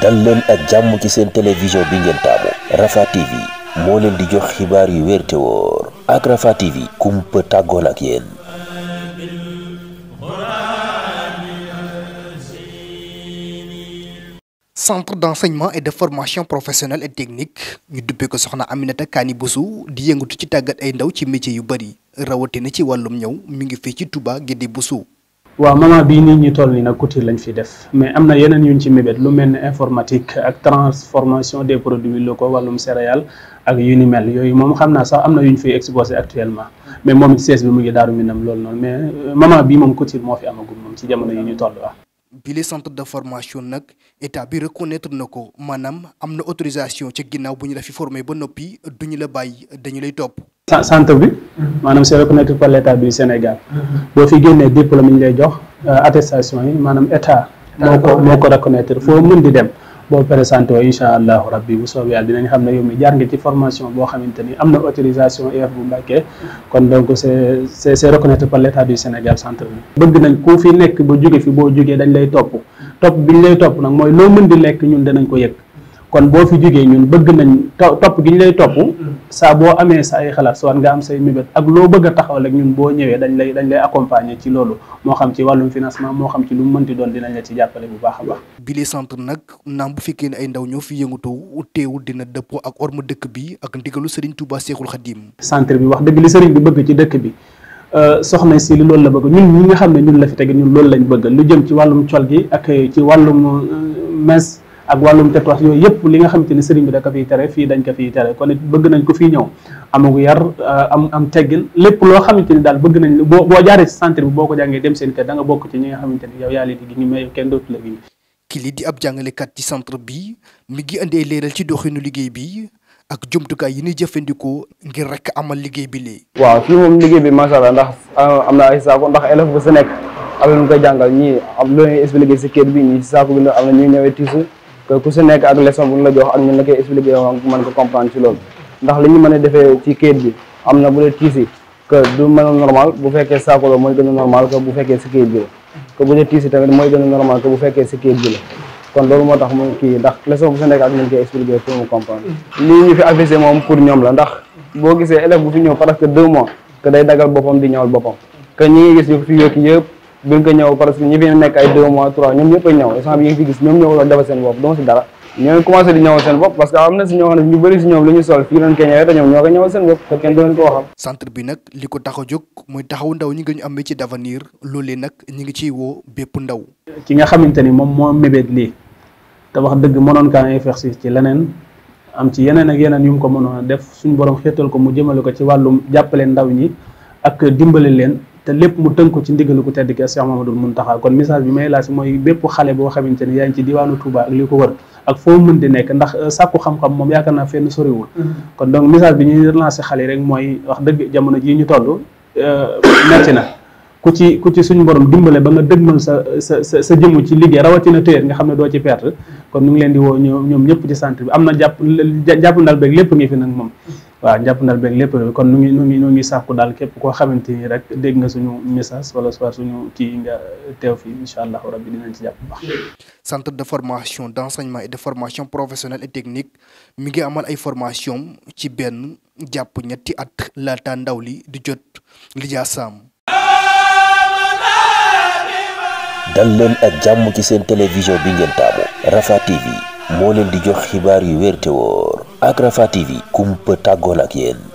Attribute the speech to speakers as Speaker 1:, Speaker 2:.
Speaker 1: dal ak jàmm ci seen télévision bi ngeen taamu Rafah TV moo leen di jox xibaar yu wér te wóor ak Rafah TV kumpa tàggoon ak yéen.
Speaker 2: centre d'enseignement et de formation professionnelle et technique ñu duppee ko soxna Aminata Kani Boussou di yëngatu ci tàggat ay ndaw ci métier yu bari
Speaker 3: rawatina ci wàllum ñëw mi ngi fii ci Touba Guédé Boussou waaw moment bii nit ñi toll nii nag couture lañu fi def mais am na yeneen yuñ ci mébét lu mel ne informatique ak transformation des produits ko wàllum céréales ak yu ni mel yooyu moom xam naa sax am na yuñ fi exposé actuellement mais moom it sees bi mu ngi daaru minam loolu noonu mais euh, moment bi moom couture moo fi amagum moom ci jamono yi ñu toll waaw.
Speaker 2: bile centre de formation nag état bi reconnaître na ko maanaam am na autorisation ci ginnaaw bu ñu la fi formé ba
Speaker 3: noppi duñu la bàyyi dañu lay topp. centre bi maanaam c'est reconnaître par l'état du Sénégal boo fi génnee diplôme yi ñu lay jox euh, attestation yi maanaam état moo ko moo ko reconnaître foo mën di dem boo présenté woo incha allahu rabbi bu soobee yàlla dinañ xam ne yow mi jaar nga ci formation boo xamante ni am na autorisation UF e bu Mbacké kon donc c'est c'est c'est reconnaître par l'état du Sénégal centre bi bëgg nañ ku fi nekk ba jóge fi boo jógee dañ lay topp topp bi ñu lay topp nag mooy loo di lekk ñun danañ ko yëg kon boo fi jógee ñun bëgg nañ topp gi ñu lay topp mm-hmm. saa boo amee sa ay xalaat soit nga am say mébét ak loo bëgg a taxawal ak ñun boo ñëwee dañ lay dañ lay accompagner ci loolu moo xam ci wàllum financement moo xam ci lu mu mënti doon dina la ci jàppale bu baax a baax bile centre nag naam bu fekkee ne ay ndaw ñoo fi yëngatu teewul dina dëppoo ak orma dëkk bi ak ndigalu Serigne Touba Cheikhoul Khadim centre bi wax dëgg li Serigne bi bëgg ci dëkk bi euh, soxna si li loolu la bëgg ñun ñi nga xam ne ñun la fi teg ñun loolu lañ bëgg jëm ci wàllum col gi ak ci wàllum euh, mes ak wàllum tatouage yooyu yëpp li nga xamante ni sëriñ bi da ko tere fii dañ ko fiy tere kon it bëgg nañ ko fii ñëw euh, am lépp loo xamante ni daal bëgg nañ boo boo jaaree ci boo ko jàngee dem seen kër da nga bokk ci ñi nga xamante ni yow yaa leen di gi mais kenn gi kili di ab jàngalekat ci centre bi liggéey
Speaker 2: bi ak jumtukaay yi ñuy jëfandikoo ngir rek amal liggéey bi léegi.
Speaker 4: waaw fii moom liggéey bi macha ndax am na ay saako ndax élève bu si nekk na ñu jàngal ñii am loo leen expliqué bi ñii si saako am na ñuy ñëwee tiisu que ku si ak leçon bu ñu la jox ak ñun la koy expliqué yow ko comprendre ci loolu ndax li ñu mën a defee ci kayit bi am na bu dee tiisi que du mën a normal bu fekkee saako la mooy gën a normal que bu fekkee si kayit bi la que bu dee tiisi si kayit bi la kon loolu moo tax mu kii ndax leçon bu si nekk ak ñun koy expliqué pour mu comprendre lii ñu fi avisé moom pour ñoom la ndax boo gisee élève bu fi ñëw parce que deux mois que day dagal boppam di ñëwal boppam que ñu fi yokki yëpp bi nga ñëw parce que ñi fi nekk ay 2 mois 3 ñoom ñëpp a ñëw instant bi ñoom ñoo ko doon defal seen bopp doo si dara ñoo commencé di ñëwal seen bopp parce que am na si ñoo xam ne ñu bëri si ñoom lu sol fii lañ koy ñoom ko ñëwal centre bi nag
Speaker 2: li ko tax a jóg muy taxaw ndaw ñi nga ñu ngi ciy woo bépp ndaw.
Speaker 3: ki nga xamante ni moom moo mébét lii te wax dëgg mënoon kaa investir ci leneen am ci yeneen ak yeneen yu mu ko mënoon def suñu borom xéetal ko mu jëmale ko ci wàllu jàppale ndaw ñi ak dimbale leen te lépp mu tënk ko ci ndigalu ku tedd ki Cheikh mun Mountakha kon message bi may laaj mooy bépp xale boo xamante ni yaa ngi ci diwaanu Touba ko wër ak foo mën di nekk ndax euh, sàkku xam-xam moom yaakaar naa fenn soriwul. Mm-hmm. kon donc message bi ñuy relancer xale rek mooy wax dëgg jamono jii ñu toll euh, metti na. ku ci ku ci suñu borom dimbale ba nga dëgmal sa sa sa sa jëmmu ci liggéey rawatina téyeer nga xam ne doo ci perte mm-hmm. kon ñu ngi leen di woo ñoom ñëpp ci centre bi am na jàpp jàpp ndal beeg lépp ngi fi nag moom mm-hmm. waaw njàppandal beeg lépp kon nu ngi nu daal képp koo xamante ni rek dégg nga suñu message wala soit suñu ci jàpp bu
Speaker 2: baax. centre de formation d' de formation professionnelle et mi ngi amal ay formation ci benn jàpp ñetti at laata ndaw li di jot li jaasaam.
Speaker 1: dal leen ak jàmm ci seen télévision bi ngeen taamu Rafah TV moo leen di jox xibaar yi wér te Rafah TV kumpa tàggool ak yéen